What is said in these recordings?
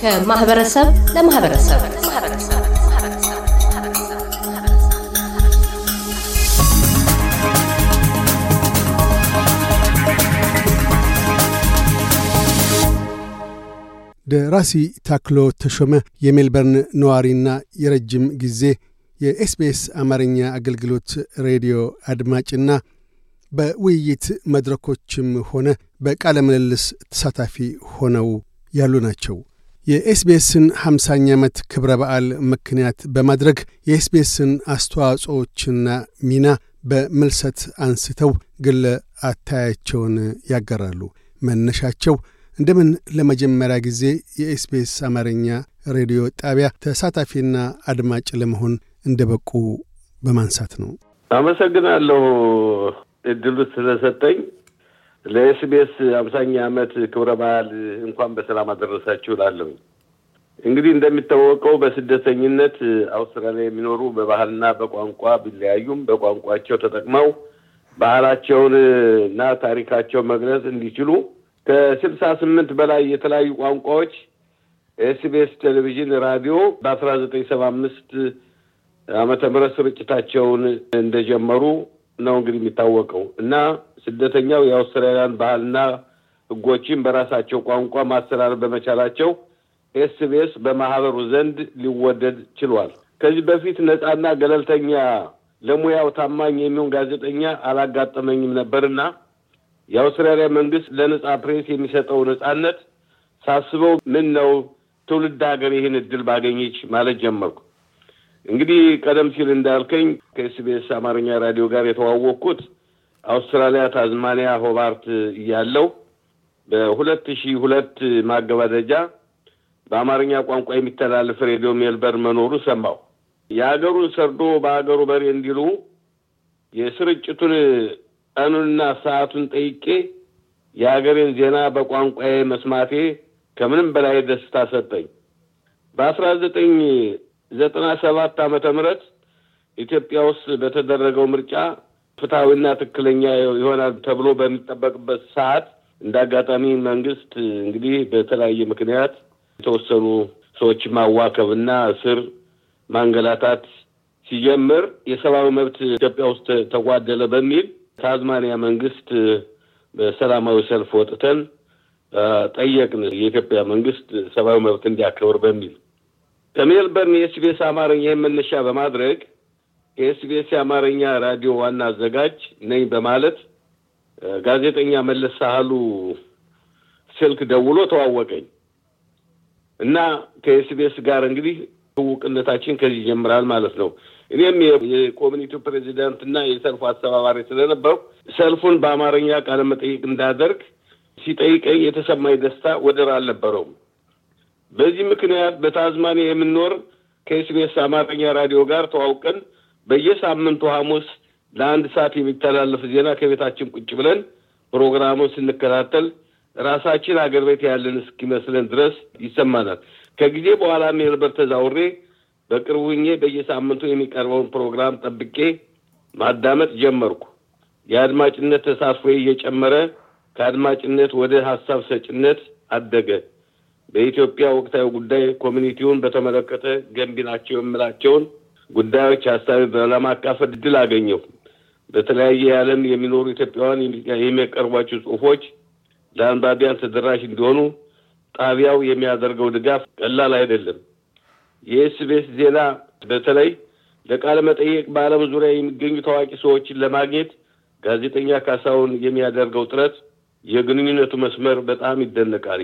ከማህበረሰብ ለማህበረሰብ ደራሲ ታክሎ ተሾመ የሜልበርን ነዋሪና የረጅም ጊዜ የኤስቢኤስ አማርኛ አገልግሎት ሬዲዮ አድማጭና በውይይት መድረኮችም ሆነ በቃለ ምልልስ ተሳታፊ ሆነው ያሉ ናቸው። የኤስቢኤስን ሃምሳኛ ዓመት ክብረ በዓል ምክንያት በማድረግ የኤስቢኤስን አስተዋጽኦችና ሚና በምልሰት አንስተው ግለ አታያቸውን ያጋራሉ። መነሻቸው እንደምን ለመጀመሪያ ጊዜ የኤስቢኤስ አማርኛ ሬዲዮ ጣቢያ ተሳታፊና አድማጭ ለመሆን እንደበቁ በማንሳት ነው። አመሰግናለሁ እድሉ ስለሰጠኝ። ለኤስቢኤስ አምሳኛ ዓመት ክብረ በዓል እንኳን በሰላም አደረሳችሁ እላለሁ። እንግዲህ እንደሚታወቀው በስደተኝነት አውስትራሊያ የሚኖሩ በባህልና በቋንቋ ቢለያዩም በቋንቋቸው ተጠቅመው ባህላቸውን እና ታሪካቸው መግለጽ እንዲችሉ ከስልሳ ስምንት በላይ የተለያዩ ቋንቋዎች ኤስቢኤስ ቴሌቪዥን፣ ራዲዮ በአስራ ዘጠኝ ሰባ አምስት ዓመተ ምህረት ስርጭታቸውን እንደጀመሩ ነው እንግዲህ የሚታወቀው እና ስደተኛው የአውስትራሊያን ባህልና ሕጎችን በራሳቸው ቋንቋ ማስተላለፍ በመቻላቸው ኤስቢኤስ በማህበሩ ዘንድ ሊወደድ ችሏል። ከዚህ በፊት ነፃና ገለልተኛ ለሙያው ታማኝ የሚሆን ጋዜጠኛ አላጋጠመኝም ነበርና የአውስትራሊያ መንግስት ለነጻ ፕሬስ የሚሰጠው ነጻነት ሳስበው ምን ነው ትውልድ ሀገር ይህን እድል ባገኘች ማለት ጀመርኩ። እንግዲህ ቀደም ሲል እንዳልከኝ ከኤስቢኤስ አማርኛ ራዲዮ ጋር የተዋወቅኩት አውስትራሊያ ታዝማኒያ ሆባርት እያለው በሁለት ሺ ሁለት ማገባደጃ በአማርኛ ቋንቋ የሚተላለፍ ሬዲዮ ሜልበርን መኖሩ ሰማሁ። የሀገሩን ሰርዶ በሀገሩ በሬ እንዲሉ የስርጭቱን ቀኑንና ሰዓቱን ጠይቄ የሀገሬን ዜና በቋንቋዬ መስማቴ ከምንም በላይ ደስታ ሰጠኝ። በአስራ ዘጠኝ ዘጠና ሰባት ዓመተ ምህረት ኢትዮጵያ ውስጥ በተደረገው ምርጫ ፍትሐዊና ትክክለኛ ይሆናል ተብሎ በሚጠበቅበት ሰዓት እንደ አጋጣሚ መንግስት እንግዲህ በተለያየ ምክንያት የተወሰኑ ሰዎች ማዋከብና እስር ማንገላታት ሲጀምር የሰብአዊ መብት ኢትዮጵያ ውስጥ ተጓደለ በሚል ታዝማኒያ መንግስት በሰላማዊ ሰልፍ ወጥተን ጠየቅን፣ የኢትዮጵያ መንግስት ሰብአዊ መብት እንዲያከብር በሚል ከሜልበርን የኤስቢኤስ አማርኛ መነሻ በማድረግ የኤስቢኤስ የአማርኛ ራዲዮ ዋና አዘጋጅ ነኝ በማለት ጋዜጠኛ መለስ ሳህሉ ስልክ ደውሎ ተዋወቀኝ እና ከኤስቢኤስ ጋር እንግዲህ ትውቅነታችን ከዚህ ይጀምራል ማለት ነው። እኔም የኮሚኒቲው ፕሬዚዳንት እና የሰልፉ አስተባባሪ ስለነበሩ ሰልፉን በአማርኛ ቃለመጠይቅ እንዳደርግ ሲጠይቀኝ የተሰማኝ ደስታ ወደር አልነበረውም። በዚህ ምክንያት በታዝማኒያ የምንኖር ከኤስቢኤስ አማርኛ ራዲዮ ጋር ተዋውቀን በየሳምንቱ ሐሙስ ለአንድ ሰዓት የሚተላለፍ ዜና ከቤታችን ቁጭ ብለን ፕሮግራሙን ስንከታተል ራሳችን አገር ቤት ያለን እስኪመስለን ድረስ ይሰማናል። ከጊዜ በኋላ ሜልበር ተዛውሬ በቅርቡ በየሳምንቱ የሚቀርበውን ፕሮግራም ጠብቄ ማዳመጥ ጀመርኩ። የአድማጭነት ተሳትፎ እየጨመረ ከአድማጭነት ወደ ሀሳብ ሰጭነት አደገ። በኢትዮጵያ ወቅታዊ ጉዳይ ኮሚኒቲውን በተመለከተ ገንቢ ናቸው የምላቸውን ጉዳዮች ሀሳብ ለማካፈል እድል አገኘሁ። በተለያየ የዓለም የሚኖሩ ኢትዮጵያውያን የሚያቀርቧቸው ጽሁፎች ለአንባቢያን ተደራሽ እንዲሆኑ ጣቢያው የሚያደርገው ድጋፍ ቀላል አይደለም። የኤስቤስ ዜና በተለይ ለቃለ መጠየቅ በዓለም ዙሪያ የሚገኙ ታዋቂ ሰዎችን ለማግኘት ጋዜጠኛ ካሳውን የሚያደርገው ጥረት የግንኙነቱ መስመር በጣም ይደነቃል።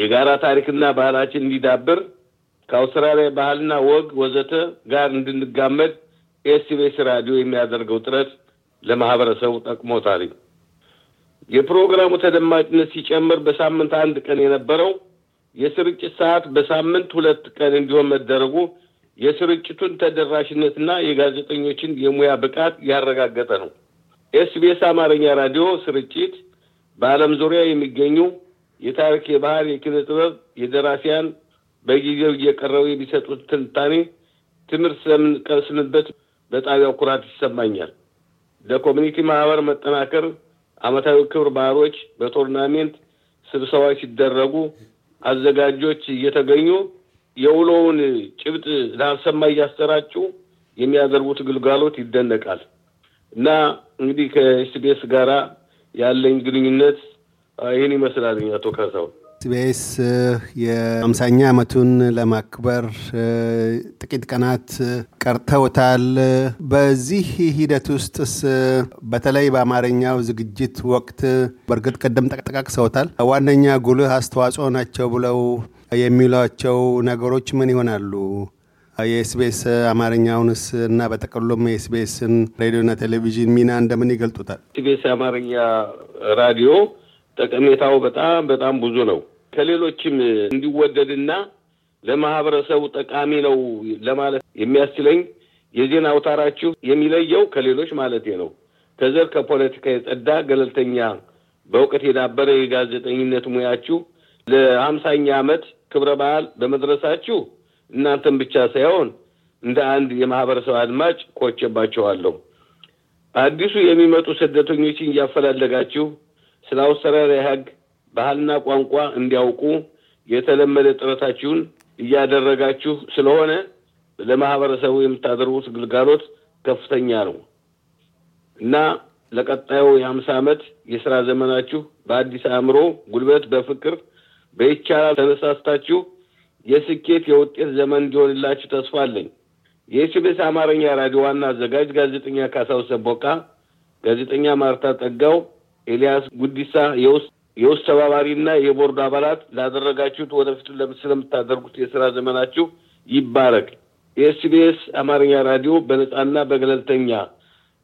የጋራ ታሪክና ባህላችን እንዲዳብር ከአውስትራሊያ ባህልና ወግ ወዘተ ጋር እንድንጋመድ ኤስቢኤስ ራዲዮ የሚያደርገው ጥረት ለማህበረሰቡ ጠቅሞታል። የፕሮግራሙ ተደማጭነት ሲጨምር በሳምንት አንድ ቀን የነበረው የስርጭት ሰዓት በሳምንት ሁለት ቀን እንዲሆን መደረጉ የስርጭቱን ተደራሽነትና የጋዜጠኞችን የሙያ ብቃት ያረጋገጠ ነው። ኤስቢኤስ አማርኛ ራዲዮ ስርጭት በዓለም ዙሪያ የሚገኙ የታሪክ፣ የባህል፣ የኪነ ጥበብ የደራሲያን በጊዜው እየቀረቡ የሚሰጡት ትንታኔ ትምህርት ስለምንቀስምበት በጣቢያው ኩራት ይሰማኛል። ለኮሚኒቲ ማህበር መጠናከር አመታዊ ክብር ባህሎች በቶርናሜንት ስብሰባዎች ሲደረጉ አዘጋጆች እየተገኙ የውሎውን ጭብጥ ላልሰማ እያሰራጩ የሚያደርጉት ግልጋሎት ይደነቃል እና እንግዲህ ከኤስቢኤስ ጋራ ያለኝ ግንኙነት ይህን ይመስላል። አቶ ካሳሁን ስቤስ የአምሳኛ ዓመቱን ለማክበር ጥቂት ቀናት ቀርተውታል። በዚህ ሂደት ውስጥስ በተለይ በአማርኛው ዝግጅት ወቅት በእርግጥ ቅድም ሰውታል ዋነኛ ጉልህ አስተዋጽኦ ናቸው ብለው የሚሏቸው ነገሮች ምን ይሆናሉ? የኤስቤስ አማርኛውንስ እና በጠቅሎም የኤስቤስን ሬዲዮና ቴሌቪዥን ሚና እንደምን ይገልጡታል? ኤስቤስ አማርኛ ራዲዮ ጠቀሜታው በጣም በጣም ብዙ ነው። ከሌሎችም እንዲወደድና ለማህበረሰቡ ጠቃሚ ነው ለማለት የሚያስችለኝ የዜና አውታራችሁ የሚለየው ከሌሎች ማለቴ ነው ከዘር ከፖለቲካ የጸዳ ገለልተኛ በእውቀት የዳበረ የጋዜጠኝነት ሙያችሁ ለሀምሳኛ ዓመት ክብረ በዓል በመድረሳችሁ እናንተን ብቻ ሳይሆን እንደ አንድ የማህበረሰብ አድማጭ ኮቼባቸዋለሁ። አዲሱ የሚመጡ ስደተኞችን እያፈላለጋችሁ ስለ አውስትራሊያ ባህልና ቋንቋ እንዲያውቁ የተለመደ ጥረታችሁን እያደረጋችሁ ስለሆነ ለማህበረሰቡ የምታደርጉት ግልጋሎት ከፍተኛ ነው እና ለቀጣዩ የሀምሳ ዓመት የስራ ዘመናችሁ በአዲስ አእምሮ፣ ጉልበት፣ በፍቅር በይቻላል ተነሳስታችሁ የስኬት የውጤት ዘመን እንዲሆንላችሁ ተስፋ አለኝ። የኤስቤስ አማርኛ ራዲዮ ዋና አዘጋጅ ጋዜጠኛ ካሳው ሰቦቃ፣ ጋዜጠኛ ማርታ ጠጋው ኤልያስ ጉዲሳ የውስጥ የውስጥ ተባባሪና የቦርድ አባላት ላደረጋችሁት ወደፊት ስለምታደርጉት የስራ ዘመናችሁ ይባረክ። የኤስቢኤስ አማርኛ ራዲዮ በነጻና በገለልተኛ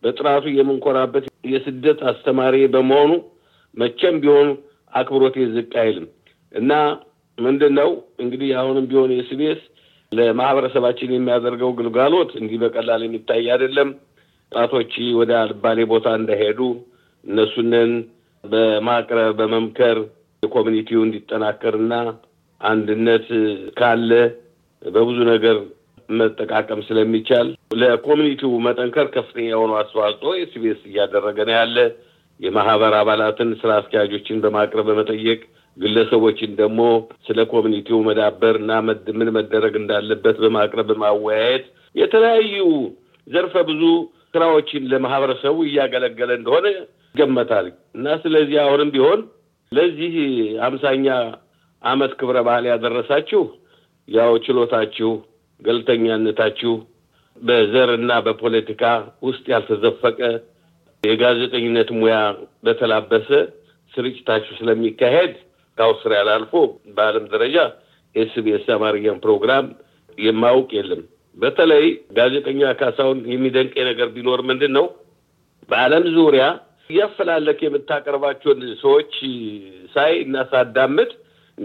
በጥራቱ የምንኮራበት የስደት አስተማሪ በመሆኑ መቼም ቢሆን አክብሮቴ ዝቅ አይልም እና ምንድን ነው እንግዲህ አሁንም ቢሆን የኤስቢኤስ ለማህበረሰባችን የሚያደርገው ግልጋሎት እንዲህ በቀላል የሚታይ አይደለም። ጣቶች ወደ አልባሌ ቦታ እንዳይሄዱ እነሱንን በማቅረብ በመምከር የኮሚኒቲው እንዲጠናከርና አንድነት ካለ በብዙ ነገር መጠቃቀም ስለሚቻል ለኮሚኒቲው መጠንከር ከፍተኛ የሆኑ አስተዋጽኦ ኤስቢኤስ እያደረገ ነው ያለ። የማህበር አባላትን ስራ አስኪያጆችን በማቅረብ በመጠየቅ ግለሰቦችን ደግሞ ስለ ኮሚኒቲው መዳበር እና ምን መደረግ እንዳለበት በማቅረብ በማወያየት የተለያዩ ዘርፈ ብዙ ስራዎችን ለማህበረሰቡ እያገለገለ እንደሆነ ይገመታል እና ስለዚህ አሁንም ቢሆን ለዚህ አምሳኛ አመት ክብረ በዓል ያደረሳችሁ ያው ችሎታችሁ፣ ገለልተኛነታችሁ እና በፖለቲካ ውስጥ ያልተዘፈቀ የጋዜጠኝነት ሙያ በተላበሰ ስርጭታችሁ ስለሚካሄድ ከአውስትራሊያ አልፎ በዓለም ደረጃ ኤስቢኤስ አማርኛን ፕሮግራም የማውቅ የለም። በተለይ ጋዜጠኛ ካሳሁን የሚደንቅ ነገር ቢኖር ምንድን ነው በዓለም ዙሪያ እያፈላለክ የምታቀርባቸውን ሰዎች ሳይ እና ሳዳምጥ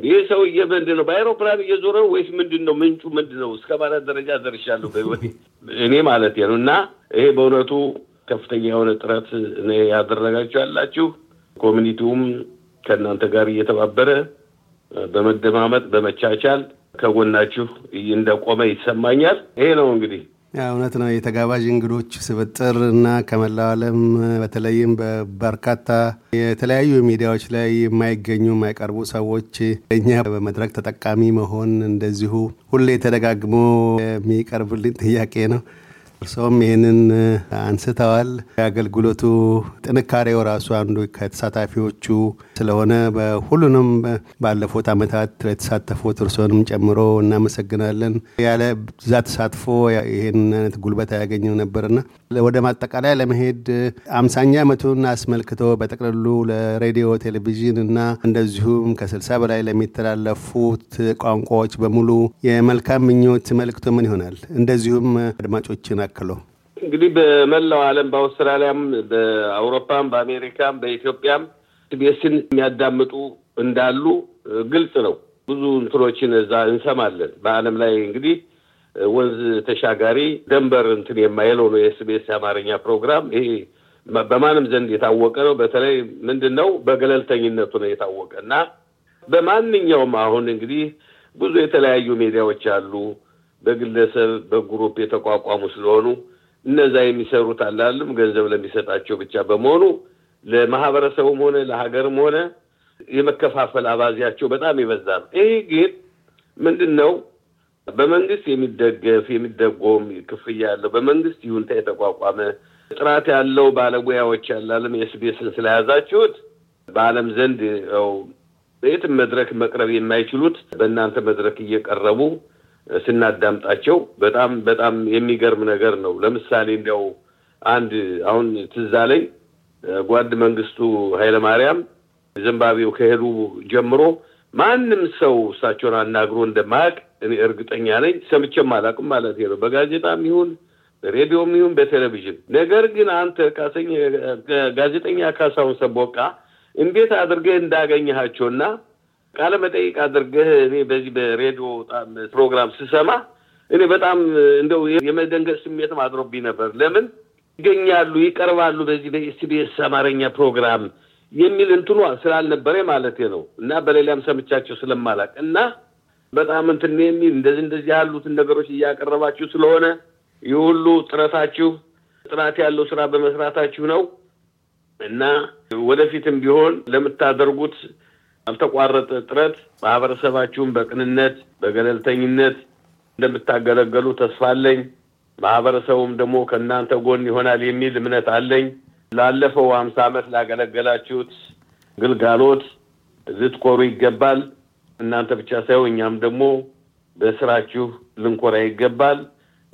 ይህ ሰውዬ ምንድን ነው በአይሮፕላን እየዞረ ወይስ ምንድን ነው ምንጩ ምንድን ነው እስከ ማለት ደረጃ ደርሻለሁ በህይወቴ እኔ ማለት ነው እና ይሄ በእውነቱ ከፍተኛ የሆነ ጥረት ያደረጋችሁ ያላችሁ ኮሚኒቲውም ከእናንተ ጋር እየተባበረ በመደማመጥ በመቻቻል ከጎናችሁ እንደቆመ ይሰማኛል። ይሄ ነው እንግዲህ እውነት ነው። የተጋባዥ እንግዶች ስብጥር እና ከመላው ዓለም በተለይም በበርካታ የተለያዩ ሚዲያዎች ላይ የማይገኙ የማይቀርቡ ሰዎች እኛ በመድረክ ተጠቃሚ መሆን እንደዚሁ ሁሌ ተደጋግሞ የሚቀርብልኝ ጥያቄ ነው። እርሰውም ይህንን አንስተዋል። የአገልግሎቱ ጥንካሬው ራሱ አንዱ ከተሳታፊዎቹ ስለሆነ በሁሉንም ባለፉት ዓመታት የተሳተፉት እርሶንም ጨምሮ እናመሰግናለን። ያለ ዛ ተሳትፎ ይህን አይነት ጉልበት አያገኝም ነበርና ወደ ማጠቃላይ ለመሄድ አምሳኛ ዓመቱን አስመልክቶ በጠቅልሉ ለሬዲዮ ቴሌቪዥን እና እንደዚሁም ከስልሳ በላይ ለሚተላለፉት ቋንቋዎች በሙሉ የመልካም ምኞት መልእክቶ ምን ይሆናል? እንደዚሁም አድማጮችን አክሎ እንግዲህ በመላው ዓለም በአውስትራሊያም፣ በአውሮፓም፣ በአሜሪካም፣ በኢትዮጵያም ኤስቢኤስን የሚያዳምጡ እንዳሉ ግልጽ ነው። ብዙ እንትኖችን እዛ እንሰማለን። በዓለም ላይ እንግዲህ ወንዝ ተሻጋሪ ደንበር እንትን የማይለው ነው የኤስቢኤስ የአማርኛ ፕሮግራም። ይሄ በማንም ዘንድ የታወቀ ነው። በተለይ ምንድን ነው በገለልተኝነቱ ነው የታወቀ እና በማንኛውም አሁን እንግዲህ ብዙ የተለያዩ ሚዲያዎች አሉ በግለሰብ በግሩፕ የተቋቋሙ ስለሆኑ እነዛ የሚሰሩት አላልም ገንዘብ ለሚሰጣቸው ብቻ በመሆኑ ለማህበረሰቡም ሆነ ለሀገርም ሆነ የመከፋፈል አባዜያቸው በጣም ይበዛ ነው። ይሄ ግን ምንድን ነው? በመንግስት የሚደገፍ የሚደጎም ክፍያ ያለው በመንግስት ይሁንታ የተቋቋመ ጥራት ያለው ባለሙያዎች ያላለም የስቤስን ስለያዛችሁት በዓለም ዘንድ የትም መድረክ መቅረብ የማይችሉት በእናንተ መድረክ እየቀረቡ ስናዳምጣቸው በጣም በጣም የሚገርም ነገር ነው። ለምሳሌ እንዲያው አንድ አሁን ትዝ አለኝ ጓድ መንግስቱ ኃይለማርያም ዚምባብዌው ከሄዱ ጀምሮ ማንም ሰው እሳቸውን አናግሮ እንደማያውቅ እኔ እርግጠኛ ነኝ። ሰምቼም አላውቅም ማለት ነው፣ በጋዜጣም ይሁን በሬዲዮም ይሁን በቴሌቪዥን። ነገር ግን አንተ ጋዜጠኛ ካሳሁን ሰቦቃ እንዴት አድርገህ እንዳገኘሃቸውና መጠይቅ አድርገህ እኔ በዚህ በሬዲዮ ፕሮግራም ስሰማ እኔ በጣም እንደው የመደንገጥ ስሜትም አድሮብኝ ነበር። ለምን ይገኛሉ ይቀርባሉ በዚህ በኤስቢኤስ አማርኛ ፕሮግራም የሚል እንትኗ ስላልነበረ ማለት ነው እና በሌላም ሰምቻቸው ስለማላቅ እና በጣም እንትን የሚል እንደዚህ እንደዚህ ያሉትን ነገሮች እያቀረባችሁ ስለሆነ ይህ ሁሉ ጥረታችሁ ጥራት ያለው ስራ በመስራታችሁ ነው እና ወደፊትም ቢሆን ለምታደርጉት ያልተቋረጠ ጥረት ማህበረሰባችሁን በቅንነት በገለልተኝነት እንደምታገለገሉ ተስፋ አለኝ። ማህበረሰቡም ደግሞ ከእናንተ ጎን ይሆናል የሚል እምነት አለኝ። ላለፈው ሀምሳ ዓመት ላገለገላችሁት ግልጋሎት ልትኮሩ ይገባል። እናንተ ብቻ ሳይሆን እኛም ደግሞ በስራችሁ ልንኮራ ይገባል።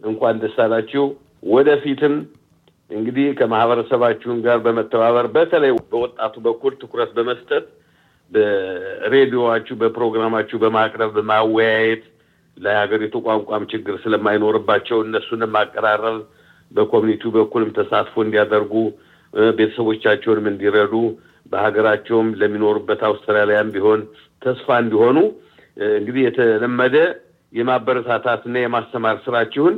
እንኳን ደስ አላችሁ። ወደፊትም እንግዲህ ከማህበረሰባችሁን ጋር በመተባበር በተለይ በወጣቱ በኩል ትኩረት በመስጠት በሬዲዮዋችሁ በፕሮግራማችሁ በማቅረብ በማወያየት ለሀገሪቱ ቋንቋም ችግር ስለማይኖርባቸው እነሱንም ማቀራረብ በኮሚኒቲው በኩልም ተሳትፎ እንዲያደርጉ ቤተሰቦቻቸውንም እንዲረዱ በሀገራቸውም ለሚኖሩበት አውስትራሊያም ቢሆን ተስፋ እንዲሆኑ እንግዲህ የተለመደ የማበረታታትና የማስተማር ስራችሁን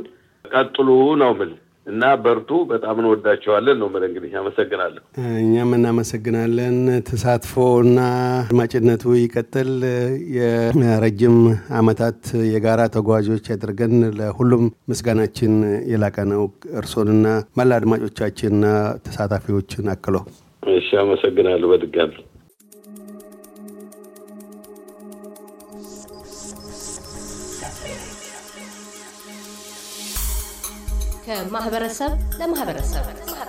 ቀጥሉ ነው ምል። እና በርቱ። በጣም እንወዳቸዋለን ነው የምልህ። እንግዲህ አመሰግናለሁ። እኛም እናመሰግናለን። ተሳትፎ እና አድማጭነቱ ይቀጥል። የረጅም አመታት የጋራ ተጓዦች ያደርገን። ለሁሉም ምስጋናችን የላቀ ነው። እርሶንና መላ አድማጮቻችንና ተሳታፊዎችን አክሎ። እሺ፣ አመሰግናለሁ በድጋሚ ከማህበረሰብ ለማህበረሰብ